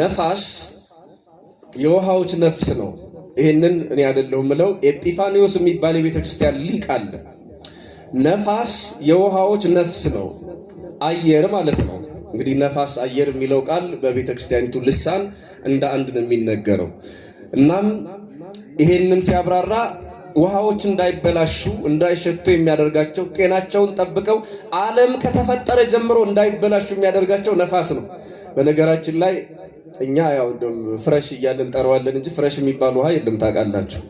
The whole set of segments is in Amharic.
ነፋስ የውሃዎች ነፍስ ነው። ይህንን እኔ አይደለሁም ምለው ኤጲፋኒዎስ የሚባል የቤተ ክርስቲያን ሊቅ አለ። ነፋስ የውሃዎች ነፍስ ነው፣ አየር ማለት ነው። እንግዲህ ነፋስ አየር የሚለው ቃል በቤተ ክርስቲያኒቱ ልሳን እንደ አንድ ነው የሚነገረው። እናም ይሄንን ሲያብራራ ውሃዎች እንዳይበላሹ እንዳይሸቱ የሚያደርጋቸው ጤናቸውን ጠብቀው ዓለም ከተፈጠረ ጀምሮ እንዳይበላሹ የሚያደርጋቸው ነፋስ ነው። በነገራችን ላይ እኛ ያው ፍረሽ እያለን እንጠራዋለን እንጂ ፍረሽ የሚባል ውሃ የለም። ታውቃላችሁ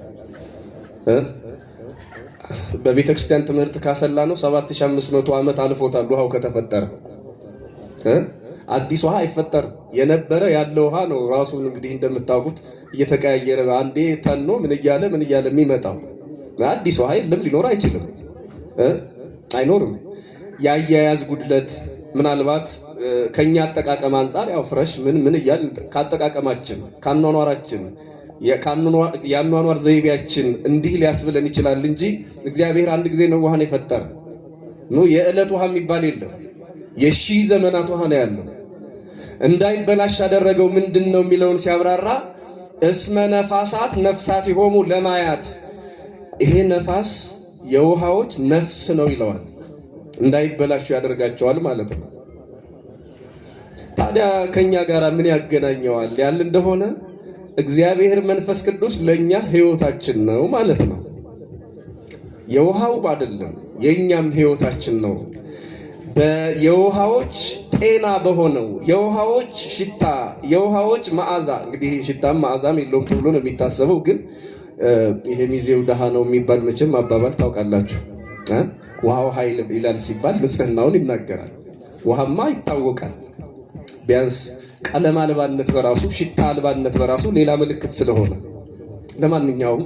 በቤተ ክርስቲያን ትምህርት ካሰላ ነው 7500 ዓመት አልፎታል። ውሃው ከተፈጠረ አዲስ ውሃ አይፈጠርም። የነበረ ያለ ውሃ ነው። ራሱን እንግዲህ እንደምታውቁት እየተቀያየረ አንዴ ተኖ ምን እያለ ምን እያለ የሚመጣው አዲስ ውሃ የለም፣ ሊኖር አይችልም፣ አይኖርም። የአያያዝ ጉድለት ምናልባት ከኛ አጠቃቀም አንጻር ያው ፍረሽ ምን ምን እያል ካጠቃቀማችን ካኗኗራችን የአኗኗር ዘይቤያችን እንዲህ ሊያስብለን ይችላል እንጂ እግዚአብሔር አንድ ጊዜ ነው ውሃን የፈጠረ የዕለት ውሃ የሚባል የለም። የሺህ ዘመናት ውሃ ነው ያለው። እንዳይበላሽ ያደረገው ምንድን ነው የሚለውን ሲያብራራ እስመ ነፋሳት ነፍሳት የሆሙ ለማያት ይሄ ነፋስ የውሃዎች ነፍስ ነው ይለዋል። እንዳይበላሹ ያደርጋቸዋል ማለት ነው። ታዲያ ከኛ ጋር ምን ያገናኘዋል ያል እንደሆነ እግዚአብሔር መንፈስ ቅዱስ ለእኛ ሕይወታችን ነው ማለት ነው። የውሃው አይደለም የእኛም ሕይወታችን ነው። የውሃዎች ጤና በሆነው የውሃዎች ሽታ፣ የውሃዎች መዓዛ እንግዲህ ሽታም መዓዛም የለውም ተብሎ ነው የሚታሰበው። ግን ይሄ ሚዜው ድሃ ነው የሚባል መቼም አባባል ታውቃላችሁ። ውሃው ኃይል ይላል ሲባል ንጽህናውን ይናገራል። ውሃማ ይታወቃል ቢያንስ ቀለም አልባነት በራሱ ሽታ አልባነት በራሱ ሌላ ምልክት ስለሆነ ለማንኛውም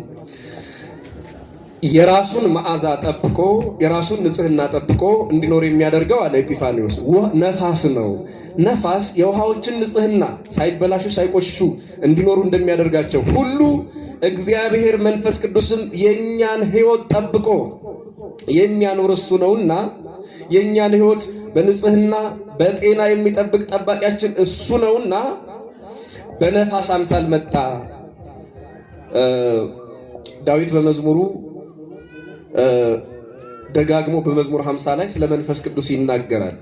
የራሱን መዓዛ ጠብቆ የራሱን ንጽህና ጠብቆ እንዲኖር የሚያደርገው አለ ኤጲፋኒዎስ ነፋስ ነው። ነፋስ የውሃዎችን ንጽህና ሳይበላሹ ሳይቆሽሹ እንዲኖሩ እንደሚያደርጋቸው ሁሉ እግዚአብሔር መንፈስ ቅዱስም የእኛን ሕይወት ጠብቆ የሚያኖር እሱ ነውና የእኛን ህይወት በንጽህና በጤና የሚጠብቅ ጠባቂያችን እሱ ነውና በነፋስ አምሳል መጣ። ዳዊት በመዝሙሩ ደጋግሞ በመዝሙር 50 ላይ ስለ መንፈስ ቅዱስ ይናገራል።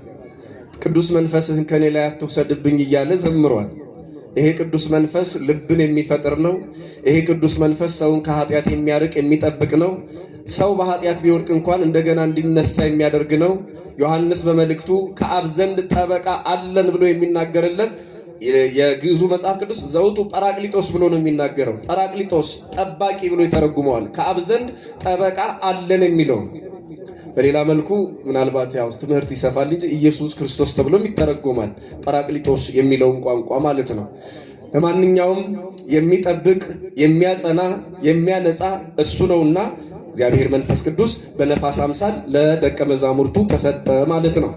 ቅዱስ መንፈስህን ከኔ ላይ አትውሰድብኝ እያለ ዘምሯል። ይሄ ቅዱስ መንፈስ ልብን የሚፈጥር ነው። ይሄ ቅዱስ መንፈስ ሰውን ከኃጢአት የሚያርቅ የሚጠብቅ ነው። ሰው በኃጢአት ቢወድቅ እንኳን እንደገና እንዲነሳ የሚያደርግ ነው። ዮሐንስ በመልእክቱ ከአብ ዘንድ ጠበቃ አለን ብሎ የሚናገርለት የግዕዙ መጽሐፍ ቅዱስ ዘውቱ ጰራቅሊጦስ ብሎ ነው የሚናገረው። ጰራቅሊጦስ ጠባቂ ብሎ ይተረጉመዋል። ከአብ ዘንድ ጠበቃ አለን የሚለው በሌላ መልኩ ምናልባት ያው ትምህርት ይሰፋል እንጂ ኢየሱስ ክርስቶስ ተብሎም ይተረጎማል። ጳራቅሊጦስ የሚለውን ቋንቋ ማለት ነው። ለማንኛውም የሚጠብቅ የሚያጸና፣ የሚያነጻ እሱ ነውና እግዚአብሔር መንፈስ ቅዱስ በነፋስ አምሳል ለደቀ መዛሙርቱ ተሰጠ ማለት ነው።